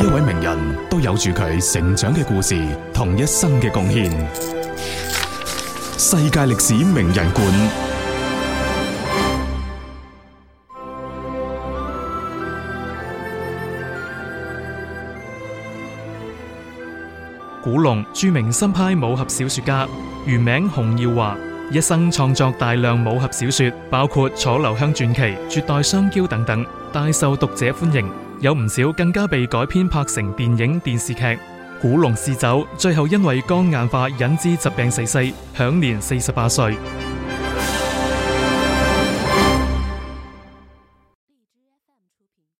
一位名人都有住佢成長嘅故事同一生嘅貢獻。世界歷史名人館，古龍，著名新派武俠小說家，原名洪耀華，一生創作大量武俠小說，包括《楚留香傳奇》《絕代雙驕》等等，大受讀者歡迎。有唔少更加被改編拍成電影、電視劇。古龍嗜酒，最後因為肝硬化引致疾病逝世，享年四十八歲。